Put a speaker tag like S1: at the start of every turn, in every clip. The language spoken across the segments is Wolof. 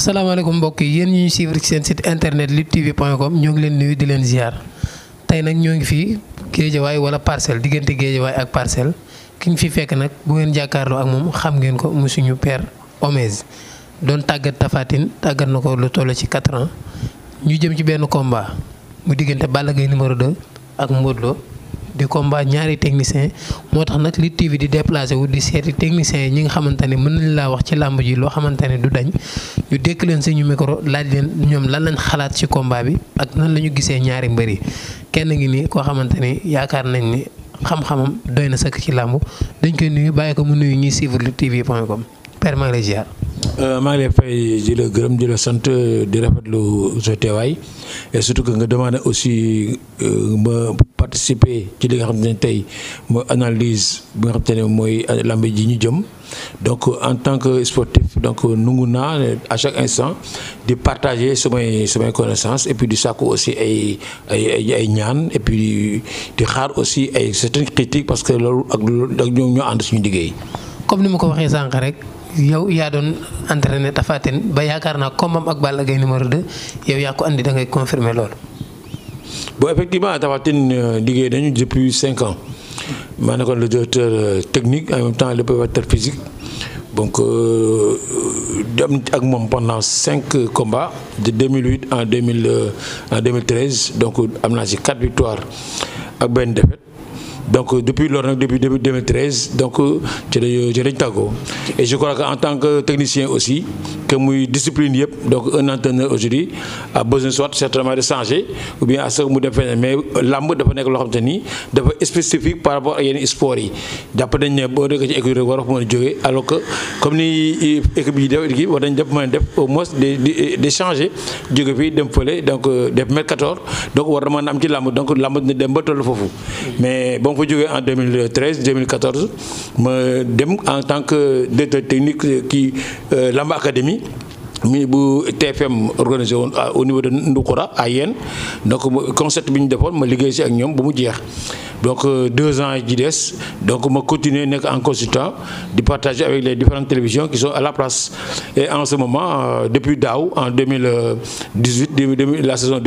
S1: salaamaaleykum mbokk yi yéen ñi ñu suivre ci seen site internet luttetv.com ñoo ngi leen nuyu di leen ziar tey nag ñoo ngi fii géejawaay wala parcelle diggante géejawaay ak parcelle ki ñu fi fekk nag bu ngeen jàkkaarloo ak moom xam ngeen ko mu suñu per Omez doon tàggat tafatin tàggat na ko lu toll ci 4 ñu jëm ci benn combat mu diggante Balla Gaye numéro 2 ak Modou di combat ñaari technicien moo tax nag Lutte TV di déplacé wu di seeti techniciens yi ñi nga xamante ne mën nañ laa wax ci làmb ji loo xamante ne du dañ ñu dékk leen suñu micro laaj leen ñoom lan lañ xalaat ci combat bi ak nan la ñu gisee ñaari mbër yi kenn ngi nii koo xamante ne yaakaar nañ ni xam-xamam doy na sëkk ci làmb dañ koy nuyu bàyyi ko mu nuyu ñuy suivre Lutte TV point com permanent ziar.
S2: Euh, maa ngi lay fay di gërëm di la sant di rafetlu sa teewaay surtout que nga demandé aussi euh, ma participer ci li nga xam ne tey mooy analyse bi nga xam te mooy lamb ji ñu jëm donc en tant que sportif donc nungu naa à chaque instant di partager sumay sumay connaissance et puis di sàkku aussi ay ay ay ñaan et puis di xaar aussi ay certaines critiques parce que loolu ak ak ñoom ñoo ànd suñu liggéey.
S1: comme ni ma ko waxee sànq rek yow yaa doon entraîné Tapha Tine ba yaakaar naa comme combat ak Balla Gaye numéro de yow yaa ko andi da ngay confirmer loolu.
S2: bon effectivement Tapha Tine euh, liggéey nañu depuis cinq ans maa nekkoon le directeur euh, technique en même temps le préparateur physique donc dem euh, ak moom pendant cinq combats de deux mille 2008 en 2000 en 2013 donc am naa ci quatre victoires ak benn défaite. donc euh, depuis loolu nag depuis 2013 donc euh, ci lañu ci et je crois que en tant que technicien aussi que muy discipline yëpp donc un entraîneur aujourd'hui a besoin soit certainement de changer ou bien à ce mu dem feneen mais euh, làmb dafa nekk loo xam te nii dafa spécifique par rapport ak yenn sport yi jàpp nañ ne boo nekkee ci équipe war a mën a jógee alors que comme ni équipe yi def équipe war nañ def au moins de de changer jóge fii dem fële donc def mercator donc war na mën am ci làmb donc làmb dina dem ba toll foofu mais fa jógee en 2013 2014 ma dem en tant que directeur technique kii euh, Lamba mi bu TFM organisé woon ah, au niveau de Ndoukoura à donc concept bi ñu defoon ma liggéey si ak ñoom ba mu jeex donc euh, deux ans ji des donc ma continuer nekk en consultant di partager avec les différentes télévisions qui sont à la place et en ce moment euh, depuis daaw en 2018 la saison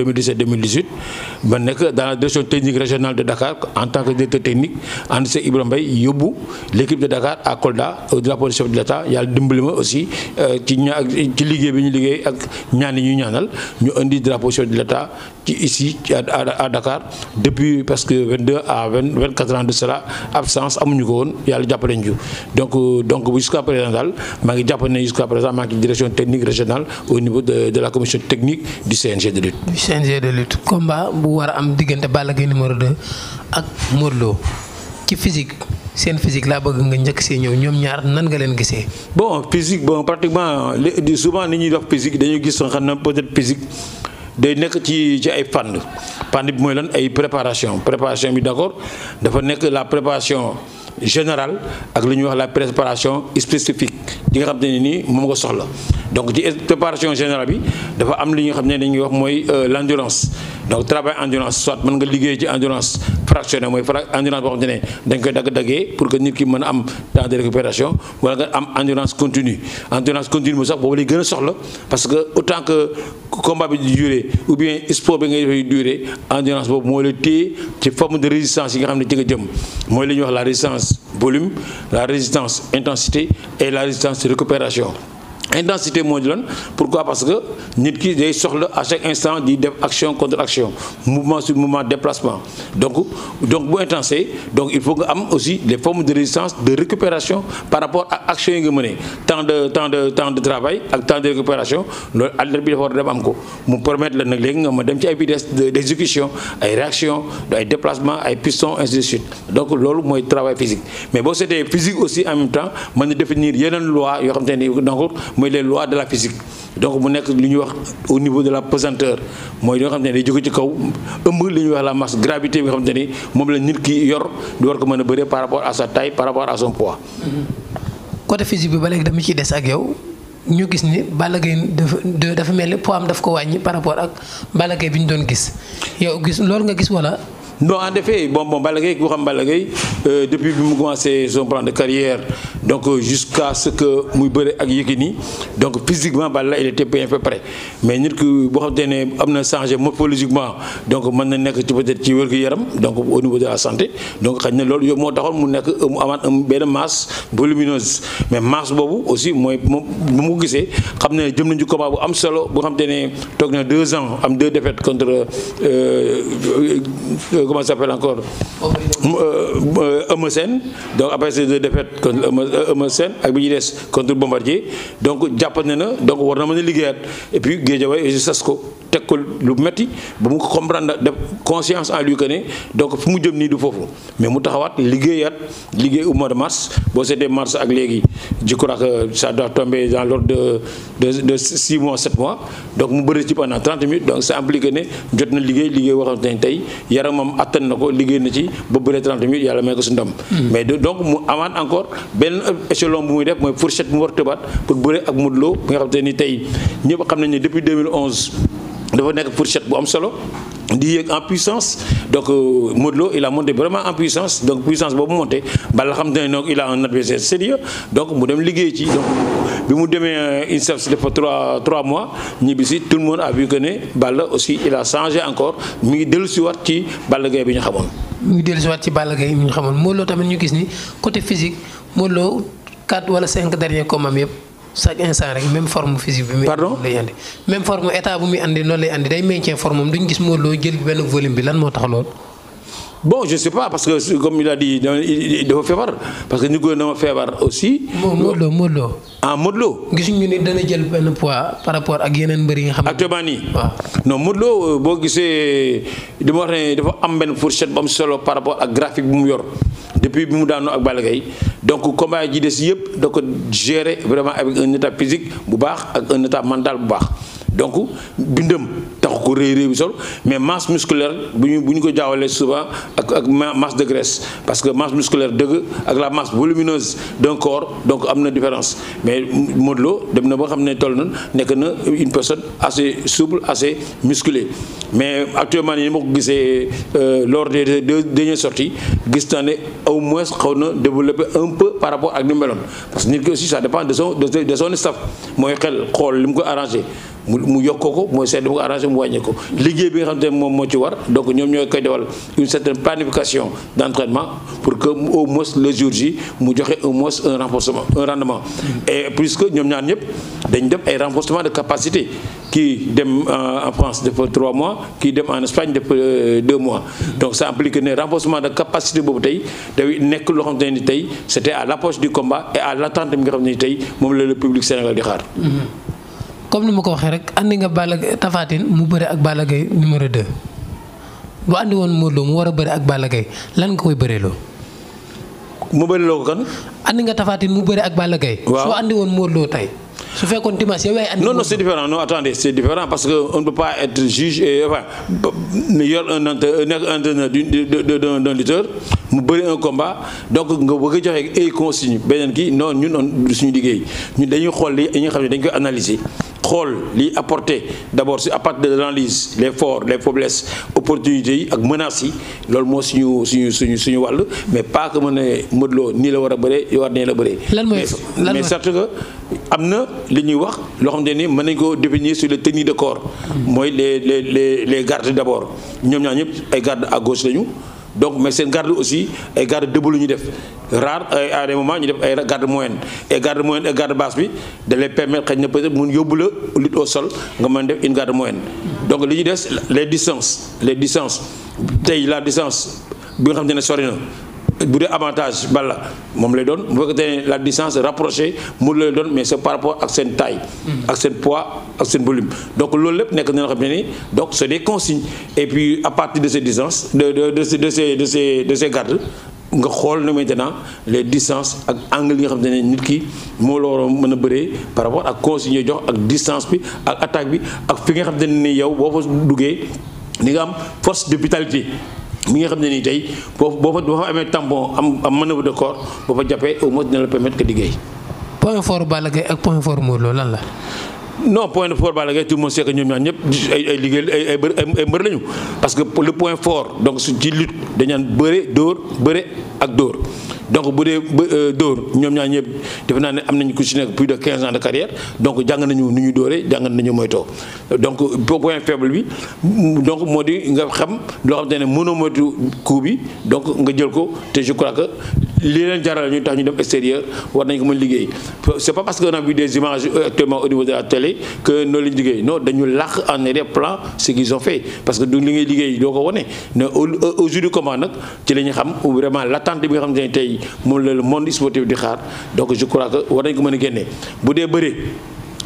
S2: ma nekk dans la direction technique régionale de Dakar en tant que directeur technique ànd si Ibrahima Mbaye yóbbu l'équipe de Dakar à Kolda au drapeau du de l'État yàlla dimbali ma aussi euh, liggéey bi ñu liggéey ak ñaan ñu ñaanal ñu indi drapeau chef de l'État ci ici à Dakar depuis parce que 22 a 20 24 ans de cela absence amuñu ko woon yàlla jàppale ñu donc euh, donc jusqu'à présent daal maa ngi jàpp ne jusqu'à présent maa ngi direction technique régionale au niveau de la commission technique du CNG de lutte.
S1: du CNG bu war a am diggante Balla Gaye numéro 2 ak Modou ci physique. seen physique laa bëgg nga njëkk see ñëw ñoom ñaar nan nga leen gisee.
S2: bon physique bon pratiquement li souvent ni ñuy wax physique dañu gis xam ne peut-être physique day nekk ci ci ay fànn fànn bi mooy lan ay préparation préparation bi d'accord dafa nekk la préparation. générale ak lu ñuy wax la préparation spécifique di nga xam ne nii moom nga soxla donc ci préparation générale bi dafa am li ñu xam ne dañuy wax mooy euh, l' endurance donc travail endurance nga liggéey ci endurance fractionné mooy endurance boo xam ne dañ koy dagg pour que nit ki mën am temps de récupération wala nga am endurance continue a soxla parce que autant que combat bi di duré ou bien sport bi ngay boobu moo lay téye ci forme de résistance yi nga xam ne ci nga jëm mooy li ñuy wax la résistance résistance volume, la résistance intensité et la résistance récupération. intensité moo di lan pourquoi parce que nit ki day soxla à chaque instant di def action contre action mouvement sur mouvement déplacement donc donc bu intensé donc il faut nga am aussi des formes de résistance de récupération par rapport ak action yi nga mënee temps de temps de temps de travail ak temps de récupération loolu alerte bi dafa war dem am ko mu permettre la nag léegi nga ma dem ci ay de d'exécution ay réaction ay déplacement ay piston ainsi mooy travail physique mais boo seetee physique aussi en même temps yoo xam te donc mooy les lois de la physique donc mu nekk lu ñuy wax au niveau de la pesanteur mooy li nga xam ne day jóge ci kaw ëmb li ñuy wax la masse gravité bi nga xam ne moom la nit ki yor di war ko mën a bëree par rapport à sa taille par rapport à son poids.
S1: Mm-hmm. côté physique bi ba léegi dama ciy des ak yow ñu gis ni Balla Gaye dafa dafa mel ni poids am ko wàññi par rapport ak Balla Gaye bi ñu doon gis yow loolu nga gis wala. Non, en
S2: effet, bon, bon, Balagay, euh, depuis que j'ai commencé son plan de carrière, donc euh, jusqu'à ce que Mouibere ak Yekini, donc physiquement, Balagay, il était bien prêt. Mais nous, que on a changé morphologiquement, donc maintenant, peut-être ci wérgu yaram donc au niveau de la santé donc xëy loolu yow moo taxoon mu mu amaat benn masse volumineuse mais masse boobu aussi mooy moom bu mu gisee xam ne jëm nañu ci bu am solo bu xam te ne toog na deux ans am deux contre euh, euh, comment ça s'appelle encore euh, Eumeu Sène donc après ces deux défaites contre euh, Eumeu Sène ak bi ñuy des contre Bombardier donc jàpp na donc war na a liggéeyaat et puis Guédiawaye aussi sas ko teg ko lu metti ba mu comprendre def conscience en lui que ne donc fu mu jëm nii du foofu mais mu taxawaat liggéeyaat liggéey au mois de mars boo seetee mars ak léegi je crois que ça doit de de de mois sept mois donc mu bëri ci pendant minutes donc ça implique ne jot na liggéey liggéey waxante tey yaramam attan na ko liggéey na ci ba bëri trente minutes yàlla may ko su ndam hmm. mais donc mu amaat encore benn échelon bu muy def mooy fourchette dafa nekk fourchette bu am solo di yéeg en puissance donc euh, Modou Lo il a monté vraiment en puissance donc puissance boobu monté Balla xam te ne donc il a un adversaire sérieux donc mu dem liggéey ci donc bi mu demee euh, INSEPS dafa trois trois mois ñibbi si tout le monde a vu que ne Balla aussi il a changé encore mu ngi dellu si waat ci Balla Gaye bi ñu xamoon.
S1: mu ngi dellu si waat ci Balla Gaye bi ñu xamoon Modou Lo tamit ñu gis ni côté physique Modou Lo quatre wala cinq derniers combats yëpp. chaque instant rek même form physique bi. pardon lay andi même forme état bu muy andi noonu lay andi day maintien forme am duñ gis moo loo jël benn volume bi lan moo tax loolu.
S2: bon je sais pas parce que comme il a dit dafa feebar parce que ñu gën a feebar aussi.
S1: moo Modou Lo Modou Lo.
S2: ah Modou Lo.
S1: gisuñu ni dana jël benn pois par rapport ak yeneen mbër yi nga xam. actuellement nii waaw.
S2: non Modou euh, boo gisee dama wax ne dafa am benn fourchette bu am solo par rapport ak graphique bu mu yor. depuis bi mu daanoo ak Balla Gaye donc combat ji des yëpp da ko gérer vraiment avec un état physique bu baax ak un état mental bu baax. donc bindam tax ko réy réy bi sol mais masse musculaire bu ñu bu ñu ko jaawalee souvent ak ak masse de graisse parce que masse musculaire dëgg ak la masse volumineuse d'un corps donc am na différence mais Modou Lo dem na ba xam ne toll na nekk na une personne assez souple assez musclée mais actuellement nii ma ko gisee euh, lors des deux dernières sorties gis naa ne au moins xaw na développer un peu par rapport ak ni mu meloon parce que nit ki aussi ça dépend de son de son staff mooy xel xool li ko arrangé mu mu ko mooy seet mu ko arrangé mu wàññee ko liggéey bi nga xam te moom moo ci war donc ñoom ñooy koy defal une certaine planification d'entraînement pour que au moins le jour J mu joxe au moins un renforcement un rendement et puisque ñoom ñaar ñëpp dañ def ay renforcement de capacité kii dem euh, en France dafa 3 mois kii dem en Espagne dafa 2 euh, mois. donc ça implique ne renforcement de capacité boobu tey day nekk loo xamante ne tey c' était à l' approche du combat et à l' attente bi nga xam ne tey moom la le Sénégal di xaar.
S1: Mm-hmm. comme ni ma ko waxee rek andi nga Balla Tapha mu bare ak bala Gaye numéro 2 bu andi woon Modou Lo mu war a bëre ak Balla Gaye lan nga koy bëree loo. mu bëri loo ko kan. andi nga Tapha mu bëre ak Balla Gaye. su fekkoon Dimas yow yaay. non non c'est
S2: différent non attendez c'est différent parce que on ne peut pas être juge et enfin yor un nekk entraîneur d'un d'un lutteur mu bëri un combat donc nga bëgg joxe ay consigne beneen ki non ñun on suñu liggéey ñun dañuy xool li nga xam ne dañ koy analyser. xool liy apporté d'abord si à partir de l'analyse les forces les faiblesses opportunités yi ak menaces yi loolu moo suñu suñu suñu suñu wàll mais pas que mën a mëdloo nii la war a bëree yow war nee la bëree. lan mooy mais certes que am na li ñuy wax loo xam ne ni mën nañ koo ko définir su les techniques de corps. mooy le les les les gardes d'abord ñoom ñaar ñëpp ay gardes à gauche lañu. donc mais seen garde aussi ay garde debout lu ñu def rare à des moments ñu def ay garde moyenne et garde moyenne et bi da lay permettre xëy na être mun yóbbu la lutte au sol nga mën def une garde moyenne donc li ñu des les distances les distances tey la distance bi nga xam ne sori na bu dee avantage bala moom lay doon bu fekkee ne la distance rapprochée mu lay doon mais c'est par rapport ak seen taille. Hmm. ak seen poids ak seen volume. donc loolu lépp nekk na nga xam ne ni donc c'est des consignes et puis à partir de ces distances de de de ces de ces de nga xool ne maintenant les distance ak angle yi nga xam ne nit ki moo la war mën a bëree par rapport ak consigne jox ak distance bi ak attaque bi ak fi nga xam ne ni yow boo fa duggee ni nga am force de vitalité mi nga xam ne nii tey boo boo fa boo fa amee tampon am man manœuvre de corps boo fa jàppee au moins dina la permettre que liggéey.
S1: point fort Balla Gaye ak point fort Modou Lo lan la.
S2: no point fort Balla Gaye tout le monde sait ñoom ñaar ñëpp ay ay liggéey ay ay ay lañu parce que le point fort donc su ci lutte dañu naan bëre dóor bëre ak dóor. donc bu dee ba euh, dóor ñoom ñaar ñëpp defe naa ne am nañu ku ci nekk plus de 15 ans de carrière donc jàng nañu nu ñuy dóoree jàng nañu moytoo donc point faible bi donc moo di nga xam loo xam te ne mënoo moytu coup bi donc nga jël ko te je crois que li leen jaral ñu tax ñu dem extérieur war nañ ko mën liggéey c'est pas parce que la noonu lañu liggéey non dañu làq en arrière-plan ce qu'ils ont fait parce que du li ngay liggéey doo ko wane ne au jour nag ci la ñu xam vraiment l'attente bi nga xam ne tey moom la le monde sportif di xaar donc je crois que war nañ ko mën a génne bu dee bëri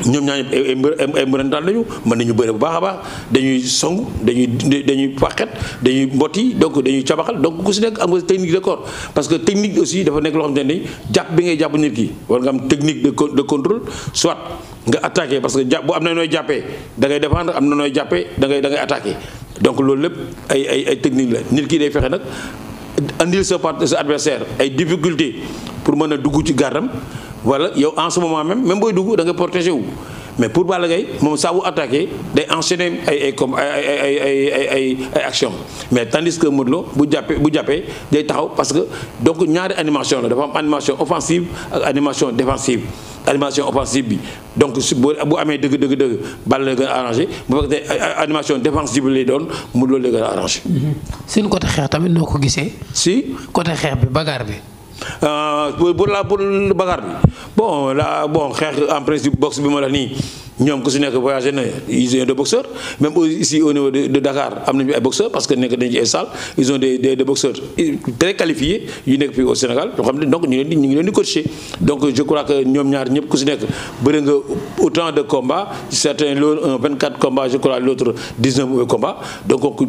S2: ñoom ñaañu ay ay mbërëntaan lañu mën nañu bëre bu baax a baax dañuy song dañuy dañuy pàqet dañuy yi donc dañuy cabaxal donc ku si nekk am nga technique de corps parce que technique aussi dafa nekk loo bi ngay jàpp nit ki war nga am technique de de contrôle soit nga attaqué parce que jàpp bu am na nooy jàppee da ngay défendre am na nooy jàppee da ngay da attaqué donc loolu lépp ay ay ay technique la nit kii day fexe nag andil sa part sa adversaire ay difficulté pour mën a dugg ci gàddam wala yow en ce moment même même booy dugg da nga protégé wu. mais pour Balla Gaye moom saa bu attaqué day enchaîner ay ay comme ay ay ay ay ay action mais tandis que Modou Lo bu jàppee bu jàppee day taxaw parce que donc ñaari animation la dafa am animation offensive ak animation défensive animation offensive bi donc su bu amee dëgg dëgg dëgg Balla la gën a arrangé bu fekkee animation défensive bi lay doon Modou Lo la gën a arrangé.
S1: Mhm. seen côté xeex tamit noo ko gisee. si côté xeex bi bagarre bi.
S2: Euh, pour la pour bagarre bi bon la bon xeex en principe boxe bi ma la nii. ñoom ku si nekk voyagé na ils ont des boxeurs même ici au niveau de Dakar am nañu ay boxeurs parce que nekk dañu ci ay salles ils yu nekk fii au Sénégal yoo xam ne donc ñu ngi leen di ñu ngi leen di coacher donc je nekk bëri nga autant de combats certains loolu un 24 combats je crois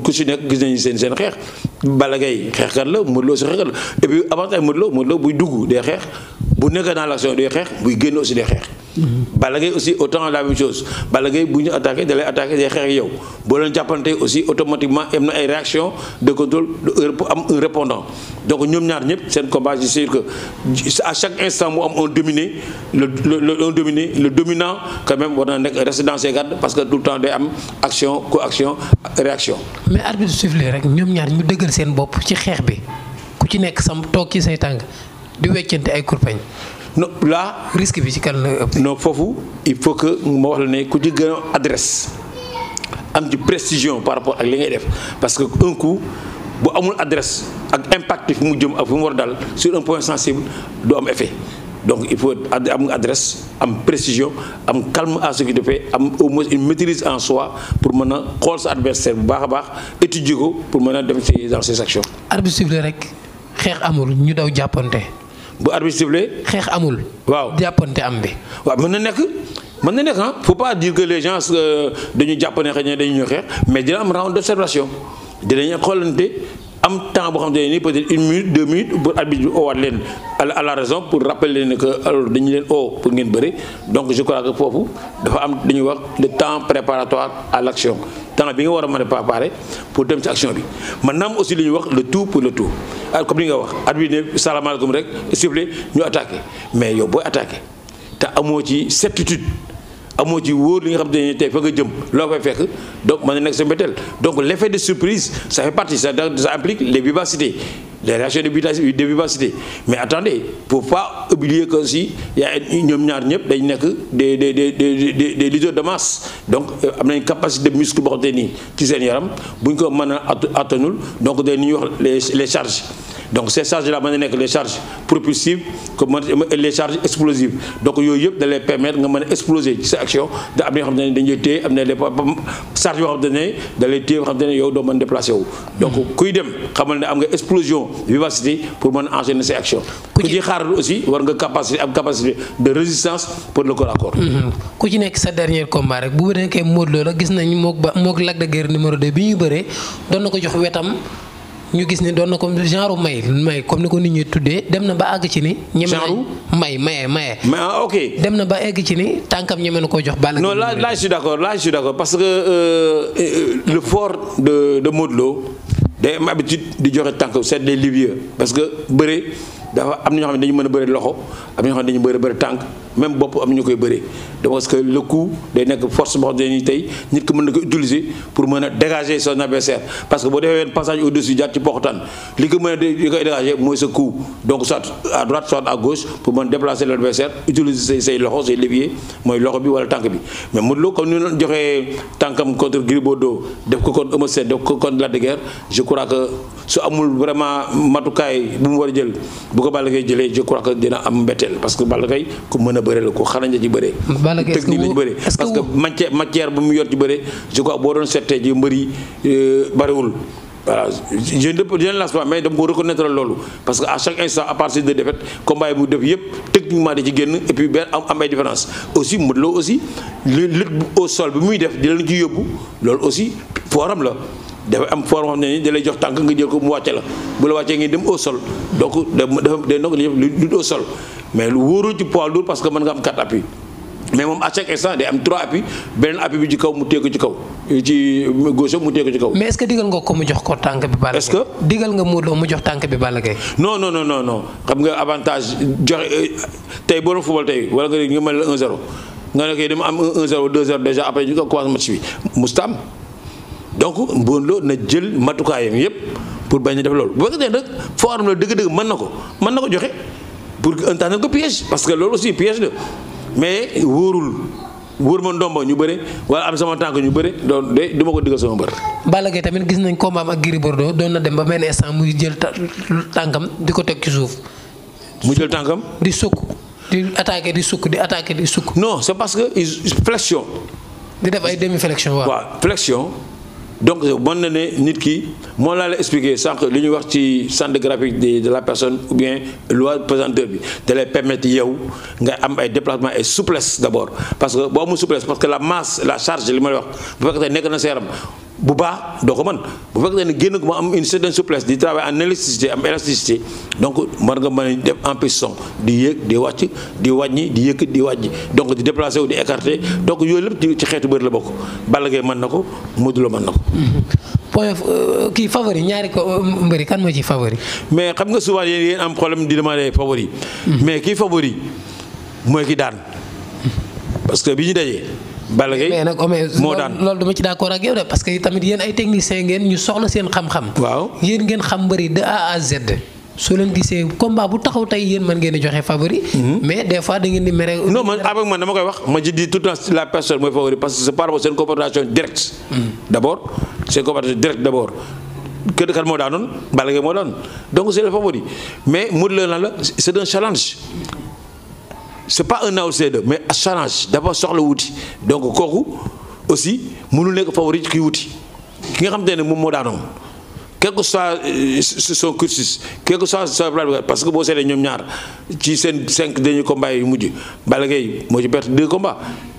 S2: ku si nekk gis nañu seen xeex Balla Gaye xeexkat la Modou Lo si xeexkat la et puis avantage buy dugg dee xeex bu nekk daal l'action day xeex buy génn aussi day xeex. Balla Gaye aussi autant la même chose Balla Gaye bu ñu attaqué da lay attaqué day xeex yow boo leen jàppante aussi automatiquement am na ay réaction de contrôle am un répondant donc ñoom ñaar ñëpp seen combat je suis sûr que à chaque instant mu am un dominé le le un le dominant quand même war na nekk rester dans ses parce que tout le temps day am action coaction réaction.
S1: mais arbitre sifflé rek ñoom ñaar ñu dëggal seen bopp ci xeex bi ku ci nekk sam to ci say tàng di weccante ay kurpeñ. non là.
S2: risque bi ci kan la ëpp. foofu il faut que ma wax la ne ku ci gën a adresse am ci précision par rapport ak li ngay def parce que un coup bu amul adresse ak impact fi mu jëm ak fi mu war dal sur un point sensible du am effet. donc il faut am adresse am précision am calme à ce qui fait am au moins une maîtrise en soi pour mën a xool sa adversaire bu baax a baax étudier ko pour mën a dem ci dans ses actions.
S1: arbitre rek xeex amul ñu daw jàppante.
S2: bu arbitre sifflé xeex amul. waaw jàppante am bi. waaw mën na nekk mën na nekk ah faut pas dire que les gens euh, dañu jàpp ne xëy na dañu ñëw xeex mais dina am round d'observation dinañ xoolante am temps boo xam te nii peut-être une minute deux minutes pour arbitre bi owaat leen à la raison pour rappeler leen que alors dañu leen oo pour ngeen bëri donc je crois que foofu dafa am dañuy wax le temps préparatoire à l'action temps bi nga war a man a préparer pour dem ci action bi man naam aussi li ñuy wax le tout pour le tout ah comme li nga wax at bi ne salaamaaleykum rek sifflé ñu attaqué mais yow booy attaque te amoo ci certitude amoo ci wóor li nga xam te ne tey fa jëm loo fay fekk donc mën na nekk sa mbetteel donc l' effet de surprise ça fait partie ça ça implique les vivacités les réactions de vivacité mais attendez faut pas oublier que si yaa ñoom ñaar ñëpp dañ nekk des de des des des leaders de masse donc euh, am nañ capacité de muscle boo xam te nii ci seen yaram bu ko mën a attanul donc dañuy wax les les charges donc ces charges là mën na nekk les charges propulsives comme les charges explosives donc yooyu yëpp da lay permettre nga mën a exploser ci sa action da am na yow doo mën déplacer wu donc kuy dem xamal ne am nga explosion vivacité pour man a enchaîner action ku ci xaaral aussi war nga capacité am capacité de résistance pour le corps à
S1: mm-hmm. ku ci nekk sa dernier combat rek bu bëree kay Modou la gis nañ mook ba mook Lac de bi ñu bëree doon na ko jox wetam ñu gis ne doon na ko genre may may comme ni ko nit ñi tuddee dem na ba àgg ci ni. genre may maye maye. mais ah ok. dem na ba egg ci ni tànkam ñeme na koo jox. Balla non là là je suis d'
S2: accord là je parce que euh, euh, le fort de de Modou Lo day am habitude di joxe tànk seet des lieux parce que bëre. dafa am na ñoo xam ne dañu mën a bëri loxo am na ñoo xam ne dañu bëri bëri tànk même bopp am ñu koy bëri de parce que le coup day nekk force boo xam tey nit ko mën na ko utiliser pour mën a dégager son adversaire parce que boo defee benn passage au dessus jaar ci poxtaan li ko mën a dégager mooy sa coup donc soit à droite soit à gauche pour mën déplacer l' adversaire utiliser say loxo say levier mooy loxo bi wala tànk bi mais Modou Lo comme ni ñu joxee tànkam contre Gris Bordeaux def ko contre Eumeu Sène ko contre Lac de je crois que su amul vraiment matukaay bu mu war a jël bu ko Balla Gaye jëlee je crois que dina am mbetteel parce que Balla Gaye ku mën a bëre la ku xarañ la ci bëre.
S1: Balla Gaye technique la ci
S2: bëre parce que matière matière mu yor ci bëre je boo doon seetee ji mbër yi euh, bariwul. voilà je ne je mais dama ko reconnaître loolu parce que à chaque instant à partir de défaite combat mu def yëpp techniquement da ci génn et puis benn am ay différence aussi Modou Lo aussi lutte au sol bi muy def di leen ci yóbbu loolu aussi forum dafa am forme xam ne ni da lay jox tànk nga jël ko mu wàcce la bu la wàccee ngi dem au sol donc de day nokk li au sol mais lu wóorul ci poids parce que mën nga am quatre appuis mais moom à chaque instant day am trois appuis beneen kaw mu teeku ci kaw ci gauche mu teeku ci kaw. mais est-ce
S1: que digal nga ko mu jox ko tànk bi. Balla que digal nga Modou Lô mu tànk bi Balla Gaye.
S2: non non xam nga avantage joxe euh, tey boo doon football tey wala nga mel ne 1-0 nga ne kay dama am 1-0 2-0 déjà après ñu ko commencé bi Moustam. donc Modou Lo na jël matukaayam yëpp pour bañ a def loolu bu fekkee nag forme la dëgg-dëgg mën na ko mën na ko joxe pour que un temps ko parce que loolu aussi piège mais wóorul wóor ma ndomba ñu bëre wala am sama ñu bëre doon du ma ko diggal sama bër.
S1: Balla tamit gis nañ combat am ak Gris Bordeaux doon na dem ba benn instant muy jël tànkam di ko teg ci suuf. mu jël tànkam di sukk di attaqué di sukk di attaqué di sukk. non c'est parce que flexion. di def ay demi flexion waaw waaw
S2: flexion. donc mën na ne nit ki moo laa la expliqué sànq lu ñuy wax ci centre graphique de de la personne ou bien loi pesanteur bi da lay permettre yow nga am ay déplacement ay souplesse d' abord parce que boo amul souplesse parce que la masse la charge li ma la wax bu fekkee nekk na seeram bu baax doo ko mën bu fekkee ne génn ko ma am une certaine di travail en électricité am élasticité donc mën nga mën a def empisson di yéeg di wàcc di wàññi di yëkk di wàññi donc di déplacé wu di écarté donc yooyu lépp ci xeetu bëri la bokk Balla Gaye mën na ko Modou Lo mën na ko.
S1: point euh, kii favori ñaari ko euh, mbëri kan moo ci favori.
S2: mais xam nga souvent yéen yéen am problème di demander favori. Mm-hmm. mais kii favori mooy ki daan
S1: mm-hmm.
S2: parce bi ñu dajee. Balla Gaye mais nag oh, moo daan
S1: loolu dama ci d'accord ak yow de parce que tamit yéen ay techniciens ngeen ñu soxla seen xam-xam. waaw yéen ngeen xam mbëri de A Z. soo leen gisee combat bu taxaw tey yéen mën ngeen di joxe favori. Mhm. mais des fois da ngeen di mere. non man
S2: avec man dama koy wax man je dis tout le temps la personne mooy favori parce que c'est par rapport seen confrontation mhm. directe. d'abord seen confrontation directe d'abord. kër kan moo daanoon Balla moo daan donc c'est le c'est pas un AOC2 mais challenge dafa soxla wuti donc kooku aussi mënul nekk favori ki wuti ki nga xam te ne moom moo daanoon quel que soit euh, son cursus quel que soit parce que boo seetee ñoom ñaar ci seen cinq derniers combats yu mujj Balla Gaye moo ci perte deux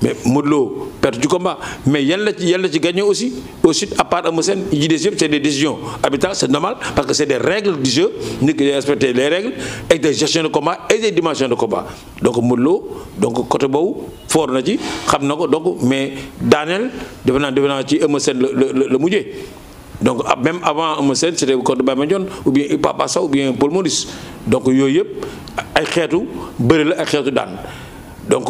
S2: mais Modou Lo perte du combat mais yan la ci yan la ci gagné aussi aussi à part Eumeu Sène yi des yëpp c' est des décisions habituelles c' est normal parce que c' est des règles du jeu nit ki day respecté les règles et des gestions de combat et des dimensions de combat donc Modou donc côté boobu fort na ci xam na ko donc mais daaneel defe naa defe ci Eumeu Sène la la la donc ah, même avant Eumeu Sène c'était Codé Baye Mandione ou bien Papa Sow ou bien Paul Maurice donc yooyu yëpp ay xeetu bëri la ay xeetu daan donc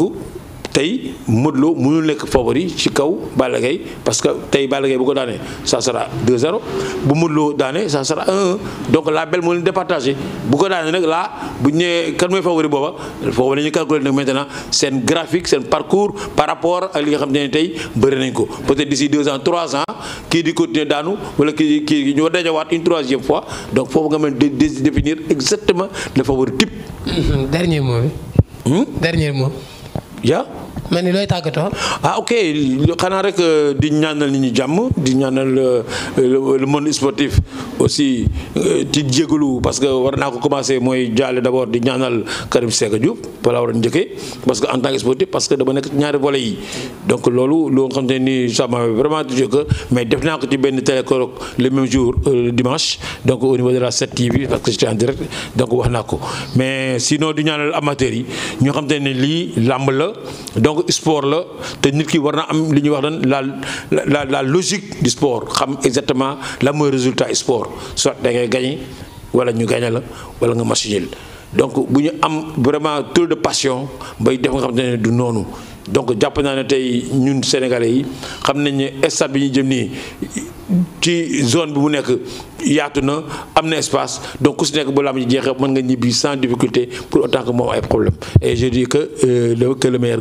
S2: tey Modou Lo mënul nekk favori ci kaw Balla Gaye parce que tey Balla Gaye bu ko daanee ça sera 2-0 bu Modou Lo daanee sa sera 1-1 donc la belle moo leen bu ko daanee nag laa bu ñu nee kan mooy favori booba foofu la ñuy calculer nag maintenant seen graphique seen parcours par rapport ak li nga xam ne tey bëri nañ ko peut-être d'ici 2 ans 3 ans kii di continuer daanu wala kii kii ñoo dajawaat une troisième fois donc foofu nga mën di définir exactement le favori type.
S1: dernier mot bi. Hmm? dernier mot. mel ni looy tàggatoo.
S2: ah ok xanaa rek euh, di ñaanal nit ñi jàmm di ñaanal euh, le monde sportif aussi euh, ci jégalu parce que war naa ko commencé mooy jaale d' abord di ñaanal Karim Seck Diouf balaa war a njëkkee parce que en tant que sportif parce que dama nekk ñaari volets yi. donc loolu loo xam ne nii ça m'a vraiment touché que mais def naa ko ci benn télé keroog le même jour le dimanche donc au niveau de la 7 TV parce que j'étais en direct donc wax naa ko mais sinon di ñaanal amateurs yi ñoo xam ne lii làmb la. donc sport la te nit kii war na am li ñuy wax lan la la la logique du sport xam exactement la mooy résultat sport soit da ngay gagné wala ñu gagné la wala nga machine donc bu ñu am vraiment trop de passion bay def nga xam ne du noonu. donc jàpp naa ne tey ñun sénégalais yi xam nañ ne stade bi ñu jëm nii ci zone bi mu nekk yaatu na am na espace donc ku si nekk ba làmb ji jeexee mën nga ñibbi sans difficulté pour autant que moom ay problème et je dis que euh, le que le meilleur